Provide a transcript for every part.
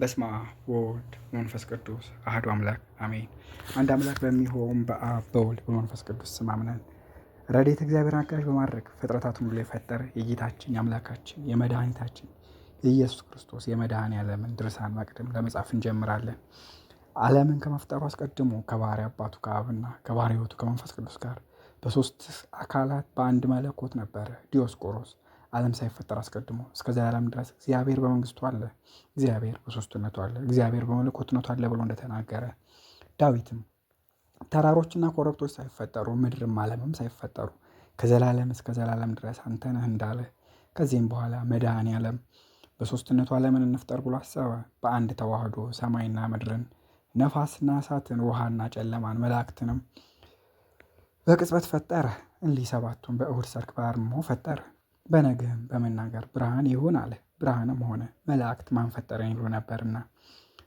በስማ ወወልድ መንፈስ ቅዱስ አህዱ አምላክ አሜን። አንድ አምላክ በሚሆን በአብ በወልድ በመንፈስ ቅዱስ ስም አምነን ረድኤተ እግዚአብሔር አጋዥ በማድረግ ፍጥረታትን ሁሉ የፈጠረ የጌታችን የአምላካችን የመድኃኒታችን የኢየሱስ ክርስቶስ የመድኃኔ ዓለምን ድርሳን መቅድም ለመጻፍ እንጀምራለን። ዓለምን ከመፍጠሩ አስቀድሞ ከባሕሪ አባቱ ከአብና ከባሕሪ ሕይወቱ ከመንፈስ ቅዱስ ጋር በሶስት አካላት በአንድ መለኮት ነበረ ዲዮስቆሮስ ዓለም ሳይፈጠር አስቀድሞ እስከ ዘላለም ድረስ እግዚአብሔር በመንግስቱ አለ፣ እግዚአብሔር በሶስትነቱ አለ፣ እግዚአብሔር በመለኮትነቱ አለ ብሎ እንደተናገረ ዳዊትም ተራሮችና ኮረብቶች ሳይፈጠሩ ምድርም ዓለምም ሳይፈጠሩ ከዘላለም እስከ ዘላለም ድረስ አንተ ነህ እንዳለ ከዚህም በኋላ መድኃኔ ዓለም በሶስትነቱ ዓለምን እንፍጠር ብሎ አሰበ። በአንድ ተዋህዶ ሰማይና ምድርን ነፋስና እሳትን ውሃና ጨለማን መላእክትንም በቅጽበት ፈጠረ። እንዲህ ሰባቱን በእሁድ ሰርክ ባርሞ ፈጠረ። በነገህም በመናገር ብርሃን ይሁን አለ። ብርሃንም ሆነ። መላእክት ማን ፈጠረኝ ይሉ ነበርና።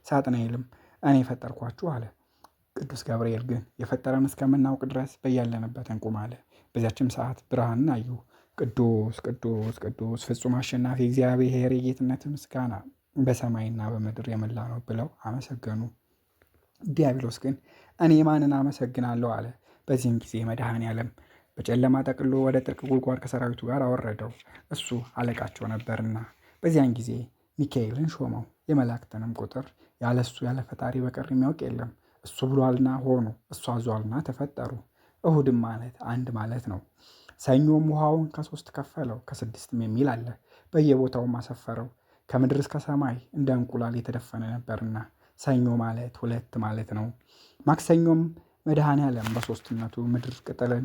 ሳጥናኤልም እኔ ፈጠርኳችሁ አለ። ቅዱስ ገብርኤል ግን የፈጠረን እስከምናውቅ ድረስ በያለንበት እንቁም አለ። በዚያችም ሰዓት ብርሃንን አዩ። ቅዱስ ቅዱስ ቅዱስ ፍጹም አሸናፊ እግዚአብሔር የጌትነት ምስጋና በሰማይና በምድር የመላ ነው ብለው አመሰገኑ። ዲያብሎስ ግን እኔ ማንን አመሰግናለሁ አለ። በዚህም ጊዜ መድኃኔ ዓለም በጨለማ ጠቅሎ ወደ ጥልቅ ጉድጓድ ከሰራዊቱ ጋር አወረደው። እሱ አለቃቸው ነበርና። በዚያን ጊዜ ሚካኤልን ሾመው። የመላእክትንም ቁጥር ያለ እሱ ያለ ፈጣሪ በቀር የሚያውቅ የለም። እሱ ብሏልና ሆኑ፣ እሱ አዟልና ተፈጠሩ። እሁድም ማለት አንድ ማለት ነው። ሰኞም ውሃውን ከሶስት ከፈለው፣ ከስድስትም የሚል አለ። በየቦታውም አሰፈረው። ከምድር እስከ ሰማይ እንደ እንቁላል የተደፈነ ነበርና ሰኞ ማለት ሁለት ማለት ነው። ማክሰኞም መድኃኔ ዓለም በሶስትነቱ ምድር ቅጠልን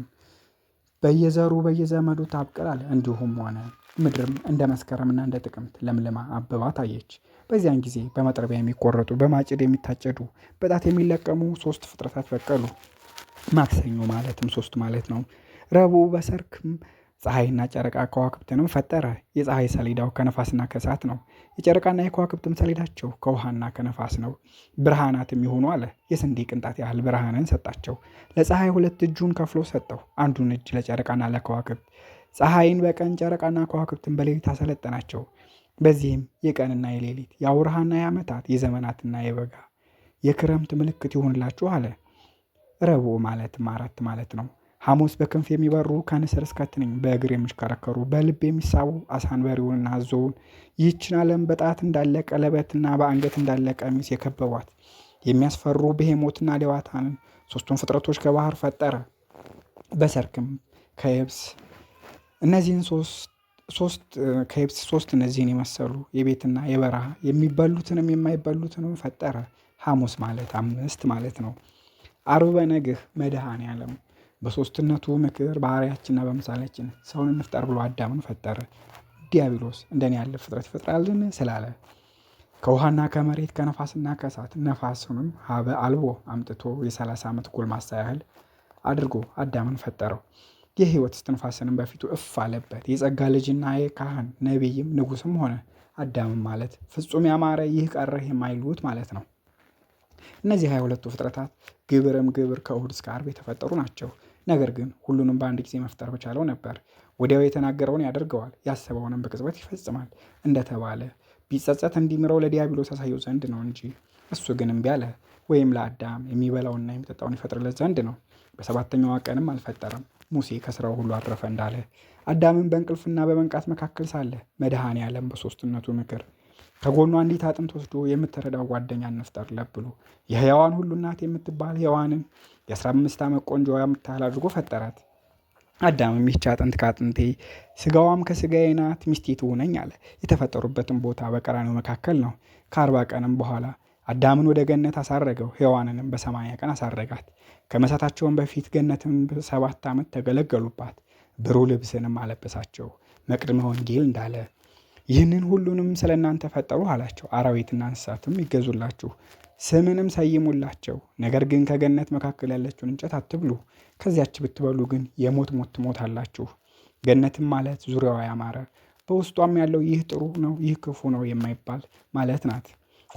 በየዘሩ በየዘመዱ ታብቅላል እንዲሁም ሆነ። ምድርም እንደ መስከረምና እንደ ጥቅምት ለምልማ አበባ ታየች። በዚያን ጊዜ በመጥረቢያ የሚቆረጡ በማጭድ የሚታጨዱ በጣት የሚለቀሙ ሶስት ፍጥረታት በቀሉ። ማክሰኞ ማለትም ሶስት ማለት ነው። ረቡዕ በሰርክም ፀሐይና ጨረቃ ከዋክብትንም ፈጠረ። የፀሐይ ሰሌዳው ከነፋስና ከእሳት ነው። የጨረቃና የከዋክብትም ሰሌዳቸው ከውሃና ከነፋስ ነው። ብርሃናትም ይሆኑ አለ። የስንዴ ቅንጣት ያህል ብርሃንን ሰጣቸው። ለፀሐይ ሁለት እጁን ከፍሎ ሰጠው። አንዱን እጅ ለጨረቃና ለከዋክብት ፀሐይን በቀን ጨረቃና ከዋክብትን በሌሊት አሰለጠናቸው። በዚህም የቀንና የሌሊት የአውርሃና የዓመታት የዘመናትና የበጋ የክረምት ምልክት ይሆንላችሁ አለ። ረቡዕ ማለትም አራት ማለት ነው። ሐሙስ በክንፍ የሚበሩ ከንስር እስከ በእግር የሚሽከረከሩ በልብ የሚሳቡ አሳንበሪውንና አዞውን ይህችን ዓለም በጣት እንዳለ ቀለበትና በአንገት እንዳለ ቀሚስ የከበቧት የሚያስፈሩ ብሄሞትና ሌዋታንን ሶስቱን ፍጥረቶች ከባህር ፈጠረ። በሰርክም ከየብስ እነዚህን ሶስት ከየብስ ሶስት እነዚህን የመሰሉ የቤትና የበረሃ የሚበሉትንም የማይበሉትንም ፈጠረ። ሐሙስ ማለት አምስት ማለት ነው። አርብ በነግህ መድኃኔ ዓለም በሶስትነቱ ምክር ባህሪያችንና በምሳሌያችን ሰውን እንፍጠር ብሎ አዳምን ፈጠረ። ዲያብሎስ እንደኔ ያለ ፍጥረት ይፈጥራልን ስላለ ከውሃና ከመሬት ከነፋስና ከእሳት ነፋስንም ሀበ አልቦ አምጥቶ የሰላሳ ዓመት ጎልማሳ ያህል አድርጎ አዳምን ፈጠረው። የህይወት እስትንፋስንም በፊቱ እፍ አለበት። የጸጋ ልጅና የካህን ነቢይም ንጉስም ሆነ። አዳምም ማለት ፍጹም ያማረ ይህ ቀረህ የማይሉት ማለት ነው። እነዚህ ሃያ ሁለቱ ፍጥረታት ግብርም ግብር ከእሁድ እስከ ዓርብ የተፈጠሩ ናቸው። ነገር ግን ሁሉንም በአንድ ጊዜ መፍጠር በቻለው ነበር። ወዲያው የተናገረውን ያደርገዋል፣ ያሰበውንም በቅጽበት ይፈጽማል። እንደተባለ ቢጸጸት እንዲምረው ለዲያብሎስ ያሳየው ዘንድ ነው እንጂ እሱ ግን እምቢ አለ። ወይም ለአዳም የሚበላውና የሚጠጣውን ይፈጥርለት ዘንድ ነው። በሰባተኛዋ ቀንም አልፈጠረም። ሙሴ ከስራው ሁሉ አረፈ እንዳለ አዳምን በእንቅልፍና በመንቃት መካከል ሳለ መድኃኔ ዓለም በሶስትነቱ ምክር ከጎኗ እንዲት አጥንት ወስዶ የምትረዳው ጓደኛ እንፍጠርለት ለብሎ የሕያዋን ሁሉ እናት የምትባል ሔዋንን የአስራ አምስት ዓመት ቆንጆ የምታህል አድርጎ ፈጠራት። አዳም ይህች አጥንት ከአጥንቴ ስጋዋም ከስጋዬ ናት ሚስቴ ትሁነኝ አለ። የተፈጠሩበትን ቦታ በቀራኒው መካከል ነው። ከአርባ ቀንም በኋላ አዳምን ወደ ገነት አሳረገው፣ ሔዋንንም በሰማንያ ቀን አሳረጋት። ከመሳታቸውን በፊት ገነትን ሰባት ዓመት ተገለገሉባት። ብሩህ ልብስንም አለበሳቸው መቅድመ ወንጌል እንዳለ ይህንን ሁሉንም ስለ እናንተ ፈጠሩ አላቸው። አራዊትና እንስሳትም ይገዙላችሁ፣ ስምንም ሰይሙላቸው። ነገር ግን ከገነት መካከል ያለችውን እንጨት አትብሉ፣ ከዚያች ብትበሉ ግን የሞት ሞት ትሞታላችሁ። ገነትም ማለት ዙሪያዋ ያማረ በውስጧም ያለው ይህ ጥሩ ነው፣ ይህ ክፉ ነው የማይባል ማለት ናት።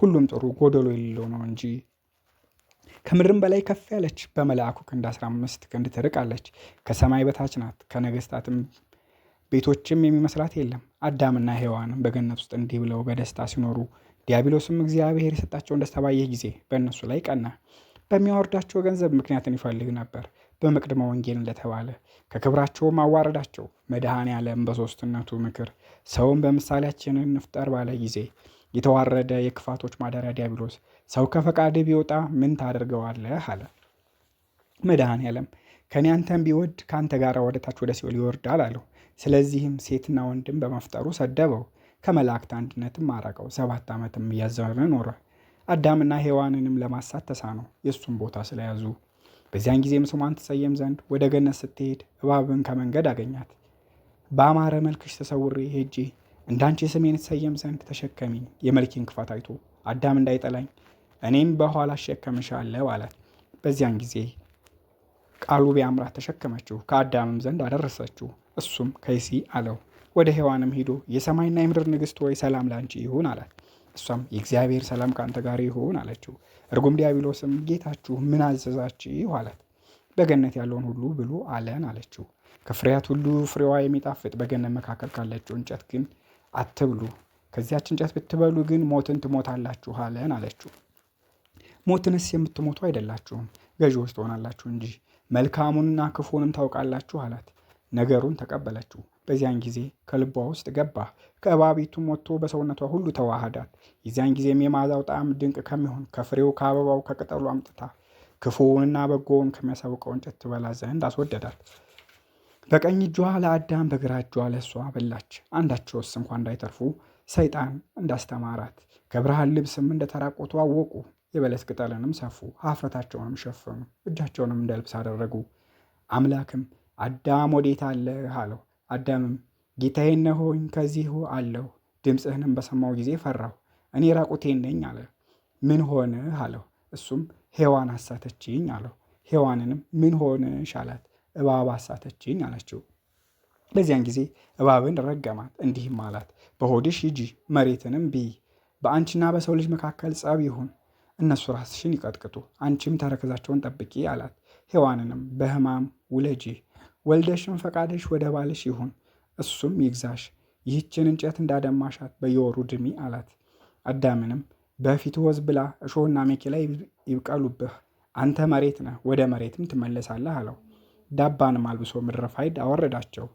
ሁሉም ጥሩ ጎደሎ የሌለው ነው እንጂ ከምድርም በላይ ከፍ ያለች በመልአኩ ክንድ አስራ አምስት ክንድ ትርቃለች። ከሰማይ በታች ናት ከነገስታትም ቤቶችም የሚመስላት የለም። አዳምና ሔዋን በገነት ውስጥ እንዲህ ብለው በደስታ ሲኖሩ ዲያብሎስም እግዚአብሔር የሰጣቸውን ደስታ ባየ ጊዜ በእነሱ ላይ ቀና። በሚያወርዳቸው ገንዘብ ምክንያትን ይፈልግ ነበር። በመቅድመ ወንጌል እንደተባለ ከክብራቸውም አዋረዳቸው። መድኃኔ ዓለም በሦስትነቱ ምክር ሰውን በምሳሌያችን እንፍጠር ባለ ጊዜ የተዋረደ የክፋቶች ማደሪያ ዲያብሎስ ሰው ከፈቃድ ቢወጣ ምን ታደርገዋለህ አለ። መድኃኔ ዓለም ከእኔ አንተን ቢወድ ከአንተ ጋር ወደታች ወደ ሲኦል ይወርዳል አለው። ስለዚህም ሴትና ወንድም በመፍጠሩ ሰደበው፣ ከመላእክት አንድነትም አራቀው። ሰባት ዓመትም እያዘነ ኖረ። አዳምና ሔዋንንም ለማሳት ተሳነው፣ የእሱን ቦታ ስለያዙ። በዚያን ጊዜም ስሟን ትሰየም ዘንድ ወደ ገነት ስትሄድ እባብን ከመንገድ አገኛት። በአማረ መልክሽ ተሰውሬ ሄጄ እንዳንቺ ስሜን ትሰየም ዘንድ ተሸከሚኝ። የመልኬን ክፋት አይቶ አዳም እንዳይጠላኝ እኔም በኋላ አሸከምሻለሁ አላት። በዚያን ጊዜ ቃሉ ቢያምራት ተሸከመችው፣ ከአዳምም ዘንድ አደረሰችው። እሱም ከይሲ አለው። ወደ ሔዋንም ሂዶ የሰማይና የምድር ንግሥት ወይ ሰላም ላንቺ ይሁን አላት። እሷም የእግዚአብሔር ሰላም ከአንተ ጋር ይሁን አለችው። እርጉም ዲያብሎስም ጌታችሁ ምን አዘዛችሁ አላት። በገነት ያለውን ሁሉ ብሉ አለን አለችው። ከፍሬያት ሁሉ ፍሬዋ የሚጣፍጥ በገነት መካከል ካለችው እንጨት ግን አትብሉ፣ ከዚያች እንጨት ብትበሉ ግን ሞትን ትሞታላችሁ አለን አለችው። ሞትንስ የምትሞቱ አይደላችሁም ገዢዎች ትሆናላችሁ እንጂ መልካሙንና ክፉንም ታውቃላችሁ አላት። ነገሩን ተቀበለችው። በዚያን ጊዜ ከልቧ ውስጥ ገባ፣ ከእባቢቱም ወጥቶ በሰውነቷ ሁሉ ተዋህዳት የዚያን ጊዜም የመዓዛው ጣዕም ድንቅ ከሚሆን ከፍሬው፣ ከአበባው፣ ከቅጠሉ አምጥታ ክፉውንና በጎውን ከሚያሳውቀው እንጨት ትበላ ዘንድ አስወደዳት። በቀኝ እጇ ለአዳም በግራ እጇ ለእሷ በላች። አንዳቸውስ እንኳ እንዳይተርፉ ሰይጣን እንዳስተማራት ከብርሃን ልብስም እንደተራቆቱ አወቁ። የበለስ ቅጠልንም ሰፉ፣ ኀፍረታቸውንም ሸፈኑ፣ እጃቸውንም እንደ ልብስ አደረጉ። አምላክም አዳም ወዴት አለህ አለው። አዳምም ጌታዬ እነሆኝ ከዚሁ አለሁ፣ ድምፅህንም በሰማሁ ጊዜ ፈራሁ፣ እኔ ራቁቴን ነኝ አለ። ምን ሆንህ አለው። እሱም ሔዋን አሳተችኝ አለው። ሔዋንንም ምን ሆንሽ አላት። እባብ አሳተችኝ አለችው። በዚያን ጊዜ እባብን ረገማት እንዲህም አላት፣ በሆድሽ ሂጂ መሬትንም ብይ፣ በአንቺና በሰው ልጅ መካከል ጸብ ይሁን እነሱ ራስሽን ይቀጥቅጡ፣ አንቺም ተረከዛቸውን ጠብቂ አላት። ሔዋንንም በህማም ውለጂ፣ ወልደሽም ፈቃደሽ ወደ ባልሽ ይሁን፣ እሱም ይግዛሽ፣ ይህችን እንጨት እንዳደማሻት በየወሩ ድሚ አላት። አዳምንም በፊት ወዝ ብላ እሾህና አሜኬላ ይብቀሉብህ፣ አንተ መሬት ነህ፣ ወደ መሬትም ትመለሳለህ አለው። ዳባንም አልብሶ ምድረ ፋይድ አወረዳቸው።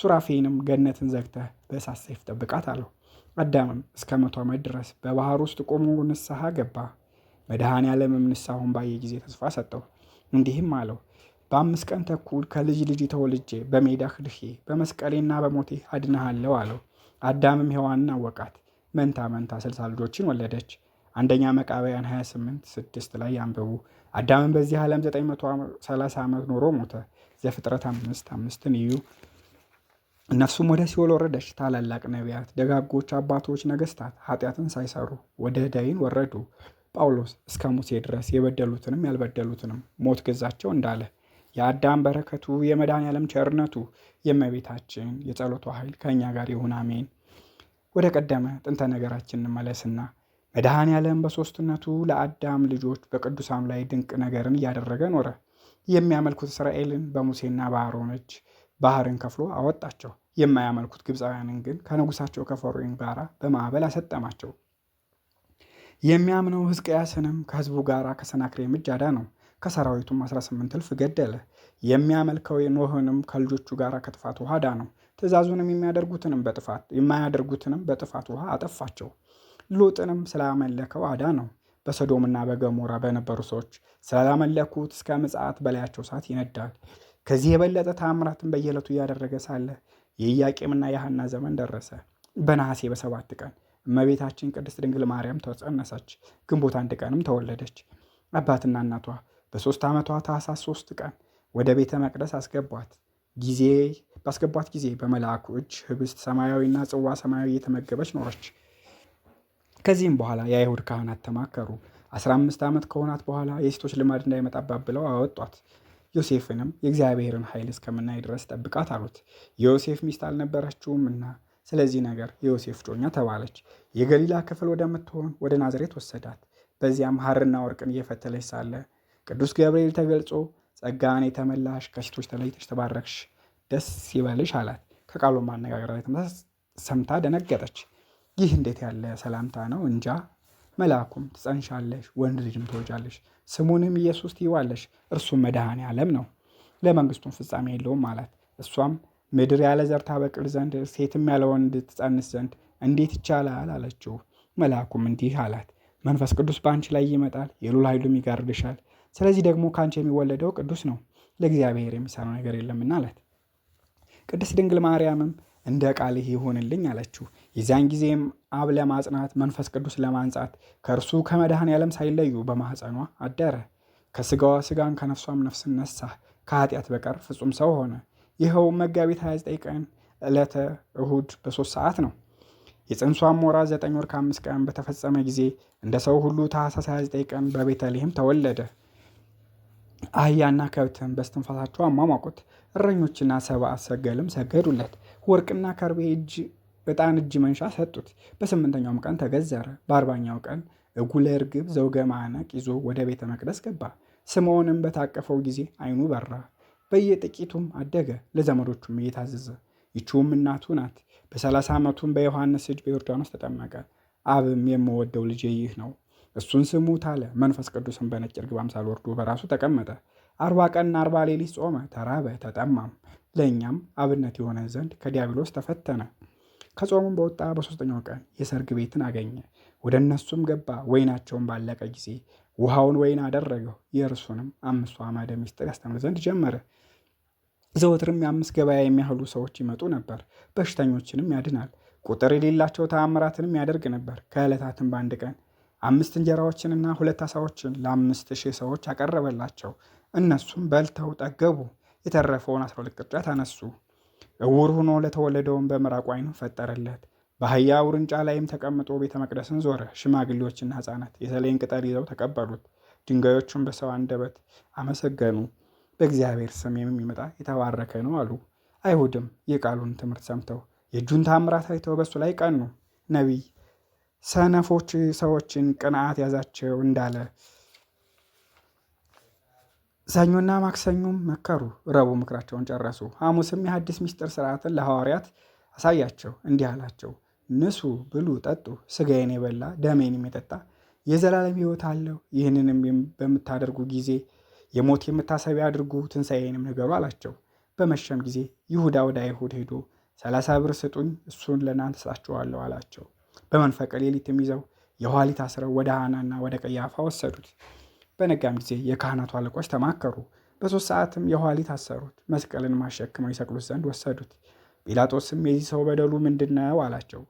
ሱራፌንም ገነትን ዘግተህ በእሳት ሰይፍ ጠብቃት አለው። አዳምም እስከ መቶ ዓመት ድረስ በባህር ውስጥ ቆሞ ንስሐ ገባ። መድኃኔዓለምም ንስሐውን ባየ ጊዜ ተስፋ ሰጠው፣ እንዲህም አለው በአምስት ቀን ተኩል ከልጅ ልጅ ተወልጄ በሜዳ ክድሄ በመስቀሌና በሞቴ አድንሃለሁ አለው። አዳምም ሔዋንን አወቃት፣ መንታ መንታ ስልሳ ልጆችን ወለደች። አንደኛ መቃብያን 28 ስድስት ላይ ያንብቡ። አዳምም በዚህ ዓለም 930 ዓመት ኖሮ ሞተ። ዘፍጥረት አምስት አምስትን እዩ። ነፍሱም ወደ ሲኦል ወረደች። ታላላቅ ነቢያት፣ ደጋጎች አባቶች፣ ነገስታት ኃጢአትን ሳይሰሩ ወደ ደይን ወረዱ። ጳውሎስ እስከ ሙሴ ድረስ የበደሉትንም ያልበደሉትንም ሞት ገዛቸው እንዳለ የአዳም በረከቱ የመድኃኔዓለም ቸርነቱ የእመቤታችን የጸሎቷ ኃይል ከእኛ ጋር ይሁን አሜን። ወደ ቀደመ ጥንተ ነገራችን እንመለስና መድኃኔዓለም በሦስትነቱ ለአዳም ልጆች በቅዱሳም ላይ ድንቅ ነገርን እያደረገ ኖረ። የሚያመልኩት እስራኤልን በሙሴና በአሮን እጅ ባህርን ከፍሎ አወጣቸው። የማያመልኩት ግብፃውያንን ግን ከንጉሳቸው ከፈርዖን ጋር በማዕበል አሰጠማቸው። የሚያምነው ሕዝቅያስንም ከህዝቡ ጋር ከሰናክሬም እጅ አዳነው፣ ከሰራዊቱም 18 እልፍ ገደለ። የሚያመልከው ኖህንም ከልጆቹ ጋር ከጥፋት ውሃ አዳነው። ትእዛዙንም የሚያደርጉትንም በጥፋት የማያደርጉትንም በጥፋት ውሃ አጠፋቸው። ሎጥንም ስላመለከው አዳነው። በሶዶምና በገሞራ በነበሩ ሰዎች ስላላመለኩት እስከ ምጽአት በላያቸው እሳት ይነዳል። ከዚህ የበለጠ ተአምራትን በየዕለቱ እያደረገ ሳለ የኢያቄምና የሐና ዘመን ደረሰ። በነሐሴ በሰባት ቀን እመቤታችን ቅድስት ድንግል ማርያም ተጸነሰች፣ ግንቦት አንድ ቀንም ተወለደች። አባትና እናቷ በሶስት ዓመቷ ታሳ ሶስት ቀን ወደ ቤተ መቅደስ አስገቧት ጊዜ ባስገቧት ጊዜ በመልአኩ እጅ ህብስት ሰማያዊና ጽዋ ሰማያዊ እየተመገበች ኖረች። ከዚህም በኋላ የአይሁድ ካህናት ተማከሩ። አስራ አምስት ዓመት ከሆናት በኋላ የሴቶች ልማድ እንዳይመጣባት ብለው አወጧት። ዮሴፍንም የእግዚአብሔርን ኃይል እስከምናይ ድረስ ጠብቃት አሉት። የዮሴፍ ሚስት አልነበረችውምና ስለዚህ ነገር የዮሴፍ ጮኛ ተባለች። የገሊላ ክፍል ወደምትሆን ወደ ናዝሬት ወሰዳት። በዚያም ሐርና ወርቅን እየፈተለች ሳለ ቅዱስ ገብርኤል ተገልጾ ጸጋን የተመላሽ ከሴቶች ተለይተች ተባረክሽ፣ ደስ ይበልሽ አላት። ከቃሉ ማነጋገር ላይ ሰምታ ደነገጠች። ይህ እንዴት ያለ ሰላምታ ነው? እንጃ። መልአኩም ትጸንሻለሽ፣ ወንድ ልጅም ትወጃለሽ፣ ስሙንም ኢየሱስ ትይዋለሽ፣ እርሱም መድኃኔ ዓለም ነው፣ ለመንግስቱም ፍጻሜ የለውም አላት። እሷም ምድር ያለ ዘር ታበቅል ዘንድ ሴትም ያለ ወንድ ትጸንስ ዘንድ እንዴት ይቻላል አለችው። መልአኩም እንዲህ አላት፣ መንፈስ ቅዱስ በአንቺ ላይ ይመጣል፣ የሉል ኃይሉም ይጋርድሻል። ስለዚህ ደግሞ ከአንቺ የሚወለደው ቅዱስ ነው፣ ለእግዚአብሔር የሚሳነው ነገር የለምና አላት። ቅድስት ድንግል ማርያምም እንደ ቃልህ ይሁንልኝ አለችው። የዚያን ጊዜም አብ ለማጽናት መንፈስ ቅዱስ ለማንጻት ከእርሱ ከመድኃኔ ዓለም ሳይለዩ በማኅፀኗ አደረ። ከስጋዋ ስጋን ከነፍሷም ነፍስን ነሳ። ከኃጢአት በቀር ፍጹም ሰው ሆነ። ይኸው መጋቢት 29 ቀን ዕለተ እሁድ በሶስት ሰዓት ነው። የጽንሷም ወራት ዘጠኝ ወር ከአምስት ቀን በተፈጸመ ጊዜ እንደ ሰው ሁሉ ታኅሳስ 29 ቀን በቤተልሔም ተወለደ። አህያና ከብትም በስትንፋሳቸው አሟሟቁት። እረኞችና ሰብአ ሰገልም ሰገዱለት። ወርቅና ከርቤ እጅ ዕጣን እጅ መንሻ ሰጡት። በስምንተኛውም ቀን ተገዘረ። በአርባኛው ቀን እጉለ እርግብ ዘውገ ማዕነቅ ይዞ ወደ ቤተ መቅደስ ገባ። ስምዖንም በታቀፈው ጊዜ ዓይኑ በራ። በየጥቂቱም አደገ፣ ለዘመዶቹም እየታዘዘ። ይችውም እናቱ ናት። በሰላሳ ዓመቱም በዮሐንስ እጅ በዮርዳኖስ ተጠመቀ። አብም የምወደው ልጄ ይህ ነው፣ እሱን ስሙት አለ። መንፈስ ቅዱስም በነጭ ርግብ አምሳል ወርዶ በራሱ ተቀመጠ። አርባ ቀንና አርባ ሌሊት ጾመ፣ ተራበ፣ ተጠማም። ለእኛም አብነት የሆነ ዘንድ ከዲያብሎስ ተፈተነ። ከጾሙም በወጣ በሶስተኛው ቀን የሰርግ ቤትን አገኘ። ወደ እነሱም ገባ። ወይናቸውን ባለቀ ጊዜ ውሃውን ወይን አደረገው። የእርሱንም አምስቱ አመደ ምስጢር ያስተምር ዘንድ ጀመረ። ዘወትርም የአምስት ገበያ የሚያህሉ ሰዎች ይመጡ ነበር። በሽተኞችንም ያድናል፣ ቁጥር የሌላቸው ተአምራትንም ያደርግ ነበር። ከዕለታትም በአንድ ቀን አምስት እንጀራዎችንና ሁለት አሳዎችን ለአምስት ሺህ ሰዎች አቀረበላቸው። እነሱም በልተው ጠገቡ። የተረፈውን አስራ ሁለት ቅርጫት አነሱ። እውር ሆኖ ለተወለደውን በምራቁ ዓይኑን ፈጠረለት። በአህያ ውርንጫ ላይም ተቀምጦ ቤተ መቅደስን ዞረ። ሽማግሌዎችና ሕፃናት የተለይን ቅጠል ይዘው ተቀበሉት። ድንጋዮቹን በሰው አንደበት አመሰገኑ። በእግዚአብሔር ስም የሚመጣ የተባረከ ነው አሉ። አይሁድም የቃሉን ትምህርት ሰምተው የእጁን ታምራት አይተው በሱ ላይ ቀኑ። ነቢይ ሰነፎች ሰዎችን ቅንዓት ያዛቸው እንዳለ ሰኞና ማክሰኞም መከሩ፣ ረቡዕ ምክራቸውን ጨረሱ። ሐሙስም የሐዲስ ምስጢር ስርዓትን ለሐዋርያት አሳያቸው፣ እንዲህ አላቸው። ንሱ፣ ብሉ፣ ጠጡ። ስጋዬን የበላ ደሜንም የጠጣ የዘላለም ሕይወት አለው። ይህንንም በምታደርጉ ጊዜ የሞት የመታሰቢያ አድርጉ ትንሣኤንም ንገሩ አላቸው። በመሸም ጊዜ ይሁዳ ወደ አይሁድ ሄዶ ሰላሳ ብር ስጡኝ እሱን ለእናንተ እሰጣችኋለሁ አላቸው። በመንፈቀ ሌሊትም ይዘው የኋሊት አስረው ወደ ሐናና ወደ ቀያፋ ወሰዱት። በነጋም ጊዜ የካህናቱ አለቆች ተማከሩ። በሦስት ሰዓትም የኋሊት አሰሩት፣ መስቀልን ማሸክመው ይሰቅሉት ዘንድ ወሰዱት። ጲላጦስም የዚህ ሰው በደሉ ምንድን ነው አላቸው።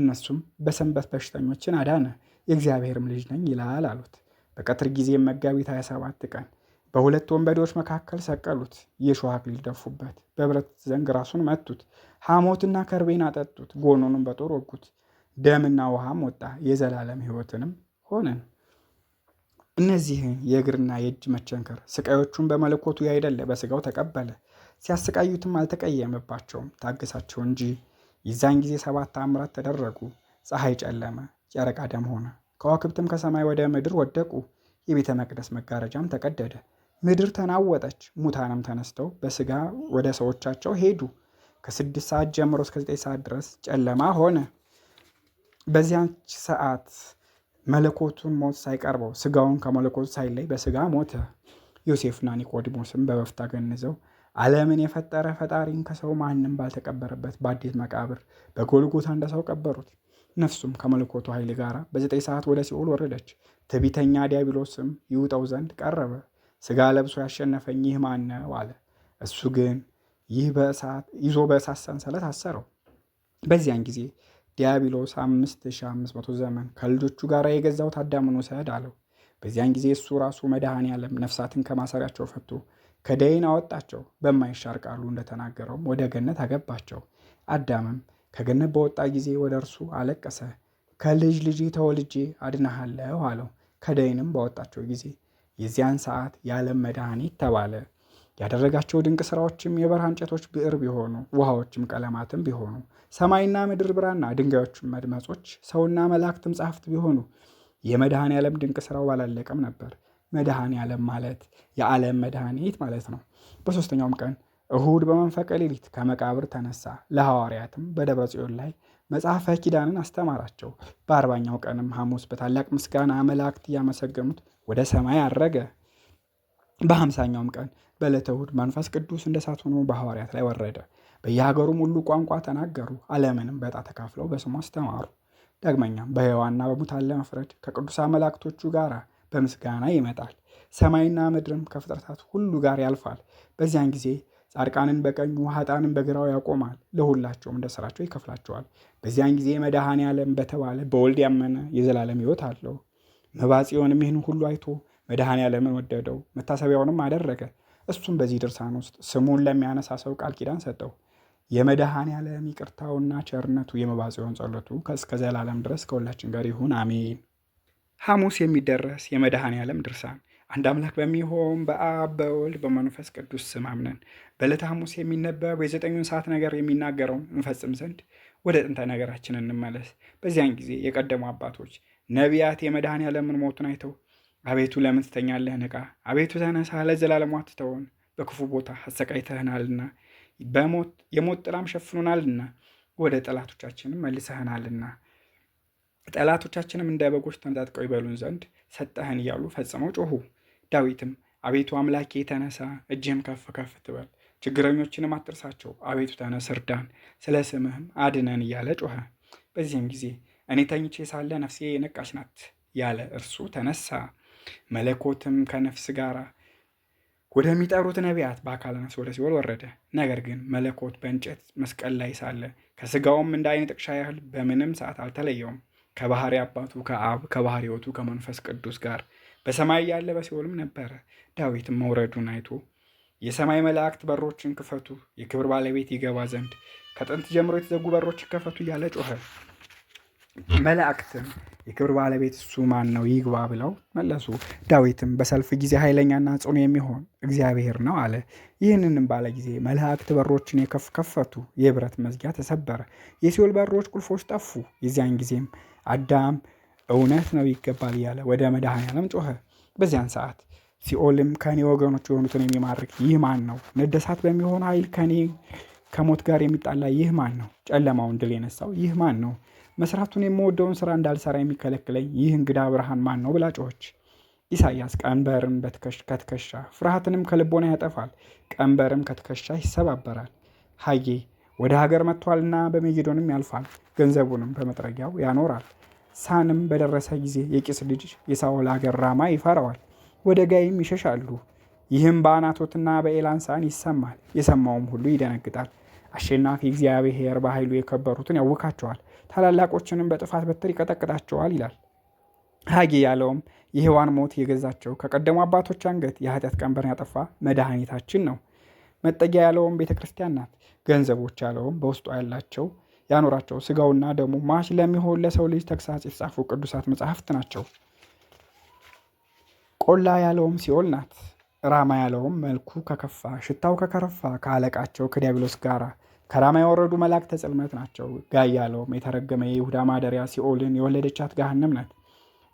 እነሱም በሰንበት በሽተኞችን አዳነ፣ የእግዚአብሔርም ልጅ ነኝ ይላል አሉት። በቀትር ጊዜም መጋቢት 27 ቀን በሁለት ወንበዴዎች መካከል ሰቀሉት፣ የእሾህ አክሊል ደፉበት፣ በብረት ዘንግ ራሱን መቱት፣ ሐሞትና ከርቤን አጠጡት፣ ጎኑንም በጦር ወጉት፣ ደምና ውሃም ወጣ፣ የዘላለም ሕይወትንም ሆነን። እነዚህን የእግርና የእጅ መቸንከር ስቃዮቹን በመለኮቱ ያይደለ በስጋው ተቀበለ፣ ሲያሰቃዩትም አልተቀየመባቸውም፣ ታገሳቸው እንጂ። ይዛን ጊዜ ሰባት ተአምራት ተደረጉ። ፀሐይ ጨለመ፣ ጨረቃ ደም ሆነ፣ ከዋክብትም ከሰማይ ወደ ምድር ወደቁ። የቤተ መቅደስ መጋረጃም ተቀደደ። ምድር ተናወጠች። ሙታንም ተነስተው በስጋ ወደ ሰዎቻቸው ሄዱ። ከስድስት ሰዓት ጀምሮ እስከ ዘጠኝ ሰዓት ድረስ ጨለማ ሆነ። በዚያች ሰዓት መለኮቱን ሞት ሳይቀርበው ስጋውን ከመለኮቱ ሳይለይ በስጋ ሞተ። ዮሴፍና ኒቆዲሞስም በበፍታ ገንዘው ዓለምን የፈጠረ ፈጣሪን ከሰው ማንም ባልተቀበረበት በአዲስ መቃብር በጎልጎታ እንደሰው ቀበሩት። ነፍሱም ከመለኮቱ ኃይል ጋር በዘጠኝ ሰዓት ወደ ሲኦል ወረደች። ትዕቢተኛ ዲያብሎስም ይውጠው ዘንድ ቀረበ። ሥጋ ለብሶ ያሸነፈኝ ይህ ማን ነው አለ። እሱ ግን ይህ በእሳት ይዞ በእሳት ሰንሰለት አሰረው። በዚያን ጊዜ ዲያብሎስ አምስት ሺህ አምስት መቶ ዘመን ከልጆቹ ጋር የገዛሁት አዳምን ውሰድ አለው። በዚያን ጊዜ እሱ ራሱ መድሃን ነፍሳትን ከማሰሪያቸው ፈቶ ከደይን አወጣቸው። በማይሻር ቃሉ እንደተናገረውም ወደ ገነት አገባቸው። አዳምም ከገነት በወጣ ጊዜ ወደ እርሱ አለቀሰ። ከልጅ ልጅ ተወልጄ አድናሃለሁ አለው። ከደይንም ባወጣቸው ጊዜ የዚያን ሰዓት የዓለም መድኃኒት ተባለ። ያደረጋቸው ድንቅ ሥራዎችም የበረሃ እንጨቶች ብዕር ቢሆኑ፣ ውሃዎችም ቀለማትም ቢሆኑ፣ ሰማይና ምድር ብራና፣ ድንጋዮችም መድመጾች፣ ሰውና መላእክትም ጸሐፍት ቢሆኑ የመድኃኔ ዓለም ድንቅ ሥራው ባላለቀም ነበር። መድኃኔ ዓለም ማለት የዓለም መድኃኒት ማለት ነው። በሦስተኛውም ቀን እሁድ በመንፈቀ ሌሊት ከመቃብር ተነሳ። ለሐዋርያትም በደብረ ጽዮን ላይ መጽሐፈ ኪዳንን አስተማራቸው። በአርባኛው ቀንም ሐሙስ በታላቅ ምስጋና መላእክት እያመሰገኑት ወደ ሰማይ አረገ። በሀምሳኛውም ቀን በዕለተ እሁድ መንፈስ ቅዱስ እንደ እሳት ሆኖ በሐዋርያት ላይ ወረደ። በየሀገሩም ሁሉ ቋንቋ ተናገሩ። ዓለምንም በዕጣ ተካፍለው በስሙ አስተማሩ። ዳግመኛም በሕያዋንና በሙታን ለመፍረድ ከቅዱሳን መላእክቶቹ ጋር በምስጋና ይመጣል። ሰማይና ምድርም ከፍጥረታት ሁሉ ጋር ያልፋል። በዚያን ጊዜ ጻድቃንን በቀኙ ኃጥአንን በግራው ያቆማል። ለሁላቸውም እንደ ሥራቸው ይከፍላቸዋል። በዚያን ጊዜ መድኃኔ ዓለም በተባለ በወልድ ያመነ የዘላለም ሕይወት አለው። መባጽዮንም ይህን ሁሉ አይቶ መድኃኔ ዓለምን ወደደው፣ መታሰቢያውንም አደረገ። እሱም በዚህ ድርሳን ውስጥ ስሙን ለሚያነሳ ሰው ቃል ኪዳን ሰጠው። የመድኃኔ ዓለም ይቅርታውና ቸርነቱ የመባጽዮን ጸሎቱ ከእስከ ዘላለም ድረስ ከሁላችን ጋር ይሁን አሜን። ሐሙስ የሚደረስ የመድኃኔ ዓለም ድርሳን አንድ አምላክ በሚሆን በአብ በወልድ በመንፈስ ቅዱስ ስም አምነን በዕለተ ሐሙስ የሚነበብ የዘጠኙን ሰዓት ነገር የሚናገረውን እንፈጽም ዘንድ ወደ ጥንተ ነገራችን እንመለስ። በዚያን ጊዜ የቀደሙ አባቶች ነቢያት የመድኃኔ ዓለምን ሞቱን አይተው አቤቱ ለምን ትተኛለህ? ንቃ። አቤቱ ተነሳ፣ ለዘላለሙ አትተወን። በክፉ ቦታ አሰቃይተህናልና የሞት ጥላም ሸፍኑናልና ወደ ጠላቶቻችንም መልሰህናልና ጠላቶቻችንም እንደ በጎች ተንጣጥቀው ይበሉን ዘንድ ሰጠህን እያሉ ፈጽመው ጮሁ። ዳዊትም አቤቱ አምላኬ ተነሳ፣ እጅህም ከፍ ከፍ ትበል፣ ችግረኞችንም አትርሳቸው። አቤቱ ተነስ እርዳን፣ ስለ ስምህም አድነን እያለ ጮኸ። በዚህም ጊዜ እኔ ተኝቼ ሳለ ነፍሴ የነቃች ናት ያለ እርሱ ተነሳ። መለኮትም ከነፍስ ጋር ወደሚጠሩት ነቢያት በአካል ነፍስ ወደ ሲኦል ወረደ። ነገር ግን መለኮት በእንጨት መስቀል ላይ ሳለ ከስጋውም እንደ አይነ ጥቅሻ ያህል በምንም ሰዓት አልተለየውም። ከባህሪ አባቱ ከአብ ከባህሪ ሕይወቱ ከመንፈስ ቅዱስ ጋር በሰማይ ያለ በሲኦልም ነበረ። ዳዊትም መውረዱን አይቶ የሰማይ መላእክት በሮችን ክፈቱ፣ የክብር ባለቤት ይገባ ዘንድ ከጥንት ጀምሮ የተዘጉ በሮች ይከፈቱ እያለ ጮኸ። መላእክትም የክብር ባለቤት እሱ ማን ነው ይግባ ብለው መለሱ። ዳዊትም በሰልፍ ጊዜ ኃይለኛና ጽኑ የሚሆን እግዚአብሔር ነው አለ። ይህንንም ባለ ጊዜ መላእክት በሮችን የከፍ ከፈቱ፣ የብረት መዝጊያ ተሰበረ፣ የሲኦል በሮች ቁልፎች ጠፉ። የዚያን ጊዜም አዳም እውነት ነው ይገባል እያለ ወደ መድኃኔዓለም ጮኸ። በዚያን ሰዓት ሲኦልም ከእኔ ወገኖች የሆኑትን የሚማርክ ይህ ማን ነው? ነደሳት በሚሆን ኃይል ከእኔ ከሞት ጋር የሚጣላ ይህ ማን ነው? ጨለማውን ድል የነሳው ይህ ማን ነው? መስራቱን የምወደውን ስራ እንዳልሰራ የሚከለክለኝ ይህ እንግዳ ብርሃን ማን ነው ብላ ጮኸች። ኢሳያስ ቀንበርም ከትከሻ ፍርሃትንም ከልቦና ያጠፋል፣ ቀንበርም ከትከሻ ይሰባበራል። ሀዬ ወደ ሀገር መጥቷልና በመጌዶንም ያልፋል፣ ገንዘቡንም በመጥረጊያው ያኖራል። ሳንም በደረሰ ጊዜ የቂስ ልጅ የሳኦል አገር ራማ ይፈራዋል፣ ወደ ጋይም ይሸሻሉ። ይህም በአናቶትና በኤላን ሳን ይሰማል። የሰማውም ሁሉ ይደነግጣል። አሸናፊ እግዚአብሔር በኃይሉ የከበሩትን ያውካቸዋል። ታላላቆችንም በጥፋት በትር ይቀጠቅጣቸዋል ይላል። ሀጌ ያለውም የሔዋን ሞት የገዛቸው ከቀደሙ አባቶች አንገት የኃጢአት ቀንበርን ያጠፋ መድኃኒታችን ነው። መጠጊያ ያለውም ቤተ ክርስቲያን ናት። ገንዘቦች ያለውም በውስጧ ያላቸው ያኖራቸው ስጋውና ደሙ ማሽ ለሚሆን ለሰው ልጅ ተግሳጽ የተጻፉ ቅዱሳት መጽሐፍት ናቸው። ቆላ ያለውም ሲኦል ናት። ራማ ያለውም መልኩ ከከፋ ሽታው ከከረፋ ከአለቃቸው ከዲያብሎስ ጋር ከራማ የወረዱ መላእክተ ጽልመት ናቸው። ጋያለውም የተረገመ የይሁዳ ማደሪያ ሲኦልን የወለደቻት ገሃነም ናት።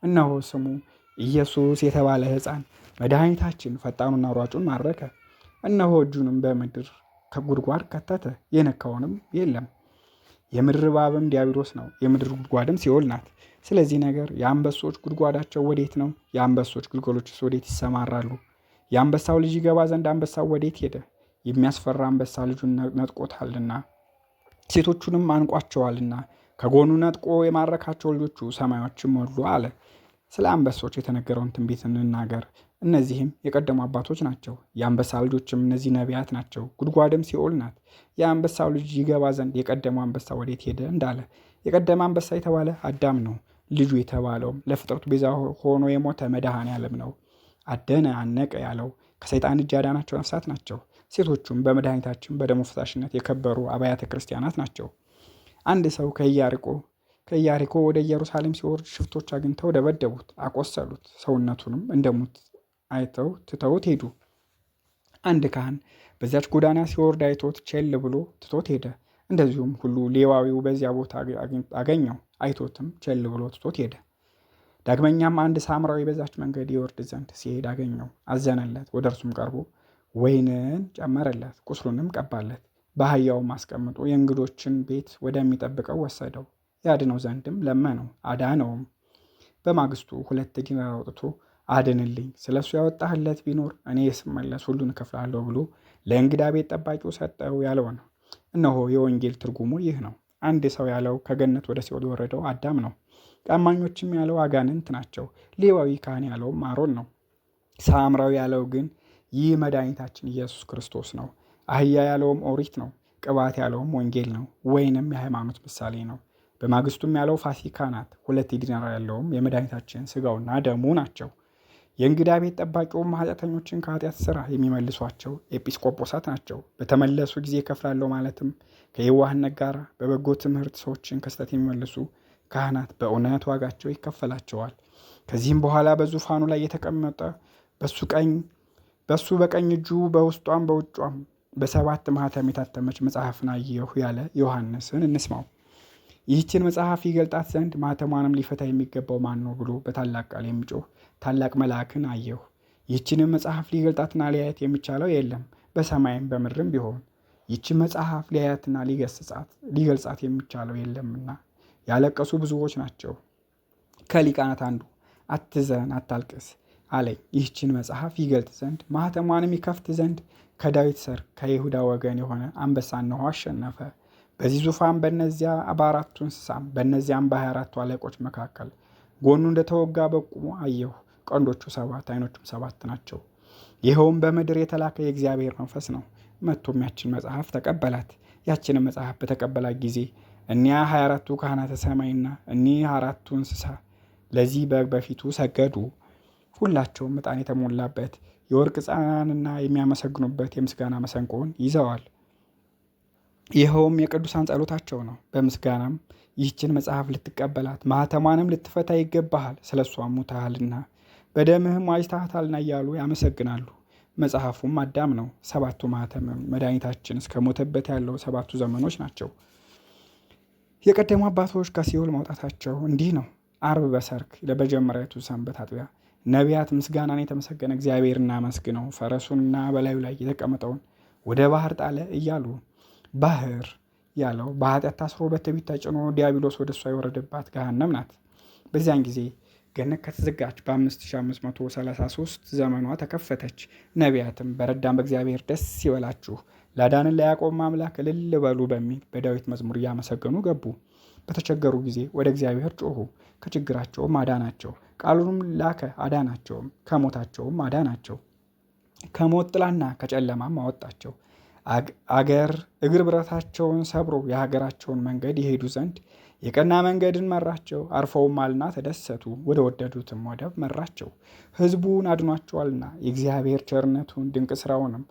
እነሆ ስሙ ኢየሱስ የተባለ ሕፃን መድኃኒታችን ፈጣኑና ሯጩን ማረከ። እነሆ እጁንም በምድር ከጉድጓድ ከተተ፣ የነካውንም የለም። የምድር እባብም ዲያብሎስ ነው፣ የምድር ጉድጓድም ሲኦል ናት። ስለዚህ ነገር የአንበሶች ጉድጓዳቸው ወዴት ነው? የአንበሶች ግልገሎችስ ወዴት ይሰማራሉ? የአንበሳው ልጅ ይገባ ዘንድ አንበሳው ወዴት ሄደ? የሚያስፈራ አንበሳ ልጁን ነጥቆታልና ሴቶቹንም አንቋቸዋልና ከጎኑ ነጥቆ የማረካቸው ልጆቹ ሰማዮችን ሞሉ አለ። ስለ አንበሶች የተነገረውን ትንቢት እንናገር። እነዚህም የቀደሙ አባቶች ናቸው። የአንበሳ ልጆችም እነዚህ ነቢያት ናቸው። ጉድጓድም ሲኦል ናት። የአንበሳው ልጅ ይገባ ዘንድ የቀደመው አንበሳ ወዴት ሄደ እንዳለ የቀደመ አንበሳ የተባለ አዳም ነው። ልጁ የተባለውም ለፍጥረቱ ቤዛ ሆኖ የሞተ መድኃኔ ዓለም ነው። አደነ አነቀ ያለው ከሰይጣን እጅ ያዳናቸው ነፍሳት ናቸው። ሴቶቹም በመድኃኒታችን በደሞ ፈሳሽነት የከበሩ አብያተ ክርስቲያናት ናቸው። አንድ ሰው ከኢያሪቆ ከኢያሪኮ ወደ ኢየሩሳሌም ሲወርድ ሽፍቶች አግኝተው ደበደቡት፣ አቆሰሉት። ሰውነቱንም እንደሙት አይተው ትተውት ሄዱ። አንድ ካህን በዚያች ጎዳና ሲወርድ አይቶት ቸል ብሎ ትቶት ሄደ። እንደዚሁም ሁሉ ሌዋዊው በዚያ ቦታ አገኘው፣ አይቶትም ቸል ብሎ ትቶት ሄደ። ዳግመኛም አንድ ሳምራዊ በዛች መንገድ ይወርድ ዘንድ ሲሄድ አገኘው፣ አዘነለት። ወደ እርሱም ቀርቦ ወይንን ጨመረለት፣ ቁስሉንም ቀባለት። በአህያውም አስቀምጦ የእንግዶችን ቤት ወደሚጠብቀው ወሰደው፣ ያድነው ዘንድም ለመነው፣ አዳነውም። በማግስቱ ሁለት ዲናር አውጥቶ አድንልኝ፣ ስለ እሱ ያወጣህለት ቢኖር እኔ ስመለስ ሁሉን እከፍላለሁ ብሎ ለእንግዳ ቤት ጠባቂው ሰጠው ያለው ነው። እነሆ የወንጌል ትርጉሙ ይህ ነው። አንድ ሰው ያለው ከገነት ወደ ሲኦል የወረደው አዳም ነው። ቀማኞችም ያለው አጋንንት ናቸው። ሌዋዊ ካህን ያለውም አሮን ነው። ሳምራዊ ያለው ግን ይህ መድኃኒታችን ኢየሱስ ክርስቶስ ነው። አህያ ያለውም ኦሪት ነው፣ ቅባት ያለውም ወንጌል ነው፣ ወይንም የሃይማኖት ምሳሌ ነው። በማግስቱም ያለው ፋሲካ ናት። ሁለት ዲናር ያለውም የመድኃኒታችን ስጋውና ደሙ ናቸው። የእንግዳ ቤት ጠባቂውም ኃጢአተኞችን ከኃጢአት ስራ የሚመልሷቸው ኤጲስቆጶሳት ናቸው። በተመለሱ ጊዜ ከፍላለው ማለትም ከየዋህነት ጋር በበጎ ትምህርት ሰዎችን ከስተት የሚመልሱ ካህናት በእውነት ዋጋቸው ይከፈላቸዋል። ከዚህም በኋላ በዙፋኑ ላይ የተቀመጠ በሱ ቀኝ በእሱ በቀኝ እጁ በውስጧም በውጯም በሰባት ማህተም የታተመች መጽሐፍን አየሁ ያለ ዮሐንስን እንስማው። ይህችን መጽሐፍ ይገልጣት ዘንድ ማህተሟንም ሊፈታ የሚገባው ማን ነው ብሎ በታላቅ ቃል የሚጮህ ታላቅ መልአክን አየሁ። ይህችንም መጽሐፍ ሊገልጣትና ሊያየት የሚቻለው የለም በሰማይም በምድርም ቢሆን ይቺ መጽሐፍ ሊያያትና ሊገስጻት ሊገልጻት የሚቻለው የለምና ያለቀሱ ብዙዎች ናቸው። ከሊቃናት አንዱ አትዘን፣ አታልቅስ አለኝ ይህችን መጽሐፍ ይገልጥ ዘንድ ማኅተሟንም ይከፍት ዘንድ ከዳዊት ሰር ከይሁዳ ወገን የሆነ አንበሳ እነሆ አሸነፈ። በዚህ ዙፋን በነዚያ በአራቱ እንስሳም በነዚያም በሃያ አራቱ አለቆች መካከል ጎኑ እንደተወጋ በቁሙ አየሁ። ቀንዶቹ ሰባት አይኖቹም ሰባት ናቸው። ይኸውም በምድር የተላከ የእግዚአብሔር መንፈስ ነው። መጥቶም ያችን መጽሐፍ ተቀበላት። ያችንን መጽሐፍ በተቀበላት ጊዜ እኒያ ሃያ አራቱ ካህናተ ሰማይና እኒህ አራቱ እንስሳ ለዚህ በግ በፊቱ ሰገዱ። ሁላቸውም ዕጣን የተሞላበት የወርቅ ዕጣንና የሚያመሰግኑበት የምስጋና መሰንቆን ይዘዋል። ይኸውም የቅዱሳን ጸሎታቸው ነው። በምስጋናም ይህችን መጽሐፍ ልትቀበላት ማህተሟንም ልትፈታ ይገባሃል፣ ስለ እሷም ሙተሃልና በደምህም ዋጅተሃታልና እያሉ ያመሰግናሉ። መጽሐፉም አዳም ነው። ሰባቱ ማኅተምም መድኃኒታችን እስከ ሞተበት ያለው ሰባቱ ዘመኖች ናቸው። የቀደሙ አባቶች ከሲኦል መውጣታቸው እንዲህ ነው። አርብ በሰርክ ለመጀመሪያቱ ሰንበት አጥቢያ ነቢያት ምስጋናን የተመሰገነ እግዚአብሔር እናመስግነው፣ ፈረሱንና በላዩ ላይ የተቀመጠውን ወደ ባህር ጣለ እያሉ ባህር ያለው በኃጢአት ታስሮ በትዕቢት ተጭኖ ዲያብሎስ ወደ እሷ የወረደባት ገሃነም ናት። በዚያን ጊዜ ገነት ከተዘጋች በ5533 ዘመኗ ተከፈተች። ነቢያትም በረዳን በእግዚአብሔር ደስ ይበላችሁ፣ ላዳንን ለያዕቆብ ማምላክ እልል በሉ በሚል በዳዊት መዝሙር እያመሰገኑ ገቡ። በተቸገሩ ጊዜ ወደ እግዚአብሔር ጮኹ፣ ከችግራቸውም አዳናቸው። ቃሉንም ላከ አዳናቸውም፣ ከሞታቸውም አዳናቸው፣ ከሞት ጥላና ከጨለማም አወጣቸው። አገር እግር ብረታቸውን ሰብሮ የሀገራቸውን መንገድ የሄዱ ዘንድ የቀና መንገድን መራቸው። አልና ተደሰቱ፣ ወደ ወደዱትም ወደብ መራቸው። ሕዝቡን አድኗቸዋልና የእግዚአብሔር ቸርነቱን ድንቅ ስራውንም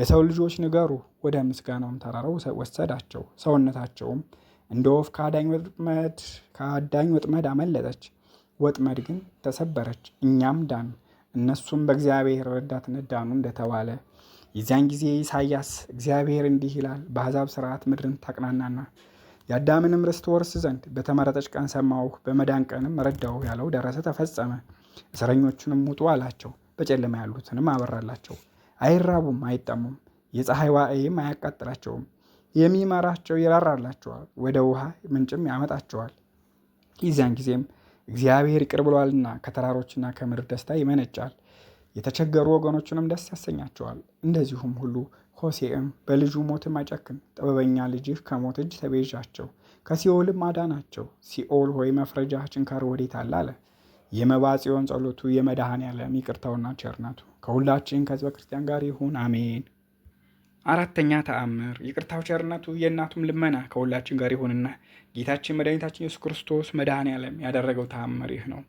ለሰው ልጆች ንገሩ። ወደ ምስጋናውም ተራራው ወሰዳቸው። ሰውነታቸውም እንደ ወፍ ከአዳኝ ወጥመድ አመለጠች። ወጥመድ ግን ተሰበረች፣ እኛም ዳን። እነሱም በእግዚአብሔር ረዳትነት ዳኑ እንደተባለ የዚያን ጊዜ ኢሳያስ እግዚአብሔር እንዲህ ይላል፣ በአሕዛብ ስርዓት ምድርን ታቅናናና የአዳምንም ርስት ወርስ ዘንድ በተመረጠች ቀን ሰማሁህ፣ በመዳን ቀንም ረዳው ያለው ደረሰ፣ ተፈጸመ። እስረኞቹንም ውጡ አላቸው፣ በጨለማ ያሉትንም አበራላቸው። አይራቡም፣ አይጠሙም፣ የፀሐይ ዋዕይም አያቃጥላቸውም። የሚመራቸው ይራራላቸዋል፣ ወደ ውሃ ምንጭም ያመጣቸዋል። የዚያን ጊዜም እግዚአብሔር ይቅር ብሏልና ከተራሮችና ከምድር ደስታ ይመነጫል። የተቸገሩ ወገኖቹንም ደስ ያሰኛቸዋል። እንደዚሁም ሁሉ ሆሴዕም በልጁ ሞትም አይጨክም። ጥበበኛ ልጅህ ከሞት እጅ ተቤዣቸው፣ ከሲኦልም አዳናቸው። ሲኦል ሆይ መፍረጃ ችንካር ወዴት አለ አለ። የመባ ጽዮን ጸሎቱ የመድኃኔ ዓለም ይቅርታውና ቸርነቱ ከሁላችን ከህዝበ ክርስቲያን ጋር ይሁን አሜን። አራተኛ ተአምር ይቅርታው ቸርነቱ የእናቱም ልመና ከሁላችን ጋር ይሁንና ጌታችን መድኃኒታችን ኢየሱስ ክርስቶስ መድኃኔ ዓለም ያደረገው ተአምር ይህ ነው።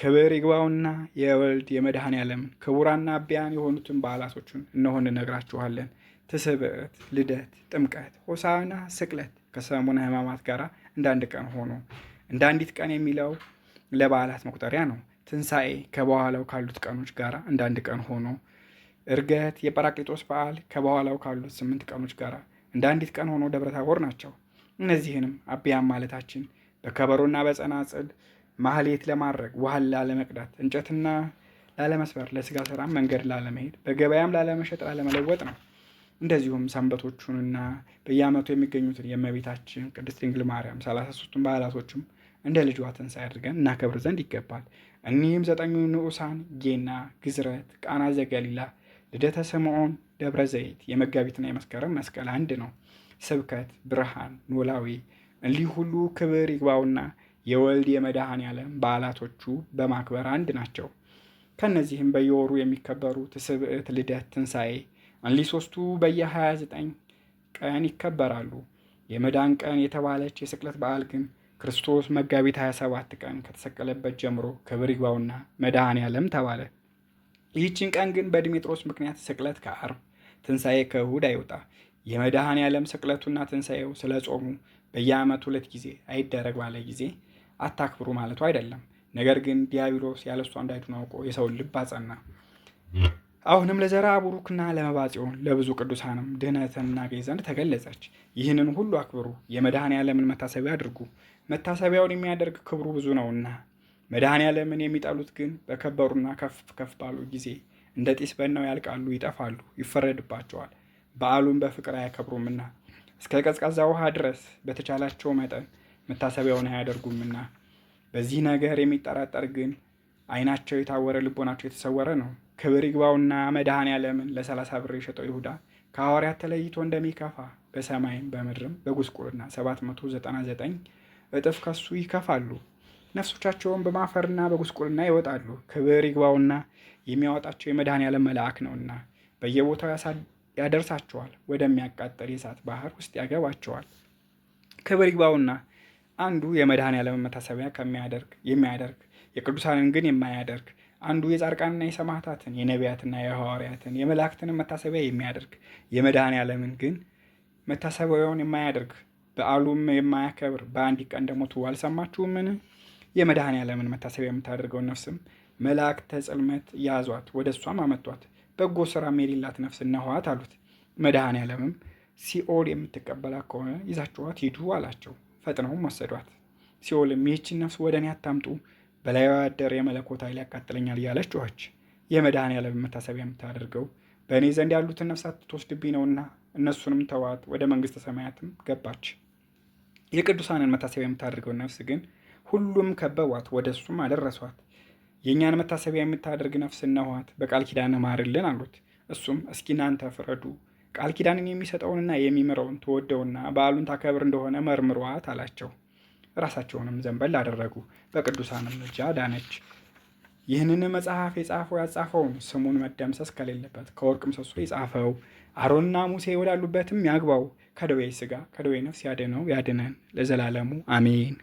ክብር ይግባውና የወልድ የመድኃኔ ዓለም ክቡራና አብያን የሆኑትን በዓላቶቹን እነሆ እንነግራችኋለን። ትስብእት፣ ልደት፣ ጥምቀት፣ ሆሳና ስቅለት ከሰሙነ ሕማማት ጋር እንዳንድ ቀን ሆኖ እንደ አንዲት ቀን የሚለው ለበዓላት መቁጠሪያ ነው። ትንሣኤ ከበኋላው ካሉት ቀኖች ጋር እንዳንድ ቀን ሆኖ እርገት የጰራቅሊጦስ በዓል ከበኋላው ካሉት ስምንት ቀኖች ጋር እንደ አንዲት ቀን ሆኖ ደብረ ታቦር ናቸው። እነዚህንም አብያም ማለታችን በከበሮና በጸናጽል ማህሌት ለማድረግ ውሃን ላለመቅዳት፣ እንጨትና ላለመስበር፣ ለስጋ ስራ መንገድ ላለመሄድ፣ በገበያም ላለመሸጥ ላለመለወጥ ነው። እንደዚሁም ሰንበቶቹንና በየዓመቱ የሚገኙትን የእመቤታችን ቅድስት ድንግል ማርያም ሰላሳ ሦስቱን በዓላቶችም እንደ ልጇ ትንሣኤ አድርገን እናከብር ዘንድ ይገባል። እኒህም ዘጠኙ ንዑሳን ጌና፣ ግዝረት፣ ቃና ዘገሊላ ልደተ ስምዖን ደብረ ዘይት የመጋቢትና የመስከረም መስቀል አንድ ነው። ስብከት ብርሃን ኖላዊ እንዲህ ሁሉ ክብር ይግባውና የወልድ የመድኃኔ ዓለም በዓላቶቹ በማክበር አንድ ናቸው። ከእነዚህም በየወሩ የሚከበሩት ስብዕት፣ ልደት፣ ትንሣኤ እንዲህ ሦስቱ በየ29 ቀን ይከበራሉ። የመዳን ቀን የተባለች የስቅለት በዓል ግን ክርስቶስ መጋቢት 27 ቀን ከተሰቀለበት ጀምሮ ክብር ይግባውና መድኃኔ ዓለም ተባለ። ይህችን ቀን ግን በድሜጥሮስ ምክንያት ስቅለት ከአርብ ትንሣኤ ከእሁድ አይውጣ። የመድኃኔ ዓለም ስቅለቱና ትንሣኤው ስለ ጾሙ በየዓመት ሁለት ጊዜ አይደረግ ባለ ጊዜ አታክብሩ ማለቱ አይደለም። ነገር ግን ዲያብሎስ ያለሷ እንዳይዱን አውቆ የሰውን ልብ አጸና። አሁንም ለዘራ ቡሩክና ለመባጽዮን ለብዙ ቅዱሳንም ድህነትን እናገኝ ዘንድ ተገለጸች። ይህንን ሁሉ አክብሩ፣ የመድኃኔ ዓለምን መታሰቢያ አድርጉ። መታሰቢያውን የሚያደርግ ክብሩ ብዙ ነውና መድኃኔ ያለምን የሚጠሉት ግን በከበሩና ከፍ ከፍ ባሉ ጊዜ እንደ ጢስ በናው ያልቃሉ፣ ይጠፋሉ፣ ይፈረድባቸዋል። በዓሉን በፍቅር አያከብሩምና እስከ ቀዝቃዛ ውሃ ድረስ በተቻላቸው መጠን መታሰቢያውን አያደርጉምና። በዚህ ነገር የሚጠራጠር ግን ዓይናቸው የታወረ ልቦናቸው የተሰወረ ነው። ክብር ይግባውና መድኃኔ ለሰላሳ ብር የሸጠው ይሁዳ ከሐዋርያት ተለይቶ እንደሚከፋ በሰማይም በምድርም በጉስቁልና 799 እጥፍ ከሱ ይከፋሉ። ነፍሶቻቸውን በማፈርና በጉስቁልና ይወጣሉ። ክብር ይግባውና የሚያወጣቸው የመድኃኔ ዓለም መልአክ ነውና በየቦታው ያደርሳቸዋል፣ ወደሚያቃጠል የእሳት ባህር ውስጥ ያገባቸዋል። ክብር ይግባውና አንዱ የመድኃኔ ዓለም መታሰቢያ ከሚያደርግ የሚያደርግ የቅዱሳንን ግን የማያደርግ አንዱ የጻድቃንና የሰማዕታትን የነቢያትና የሐዋርያትን የመላእክትን መታሰቢያ የሚያደርግ የመድኃኔ ዓለምን ግን መታሰቢያውን የማያደርግ በዓሉም የማያከብር በአንዲት ቀን ሰማችሁ ምን የመድኃኔዓለምን መታሰቢያ የምታደርገው ነፍስም መላእክተ ጽልመት ያዟት፣ ወደ እሷም አመጧት። በጎ ስራ የሌላት ነፍስ እነኋት አሉት። መድኃኔዓለምም ሲኦል የምትቀበላ ከሆነ ይዛችኋት ሂዱ አላቸው። ፈጥነውም ወሰዷት። ሲኦልም ይህችን ነፍስ ወደ እኔ አታምጡ፣ በላዩ ያደር የመለኮት ኃይል ያቃጥለኛል እያለች ጮኸች። የመድኃኔዓለምን መታሰቢያ የምታደርገው በእኔ ዘንድ ያሉትን ነፍሳት ትወስድብኝ ነውና እነሱንም ተዋት፣ ወደ መንግሥተ ሰማያትም ገባች። የቅዱሳንን መታሰቢያ የምታደርገው ነፍስ ግን ሁሉም ከበቧት፣ ወደ እሱም አደረሷት። የእኛን መታሰቢያ የምታደርግ ነፍስ እነኋት፣ በቃል ኪዳን ማርልን አሉት። እሱም እስኪ እናንተ ፍረዱ፣ ቃል ኪዳንን የሚሰጠውንና የሚምረውን ትወደውና በዓሉን ታከብር እንደሆነ መርምሯት አላቸው። ራሳቸውንም ዘንበል አደረጉ፣ በቅዱሳንም እጅ ዳነች። ይህንን መጽሐፍ የጻፈው ያጻፈውን ስሙን መደምሰስ ከሌለበት ከወርቅ ምሰሶ የጻፈው አሮንና ሙሴ ወዳሉበትም ያግባው። ከደዌ ስጋ ከደዌ ነፍስ ያድነው ያድነን ለዘላለሙ አሜን።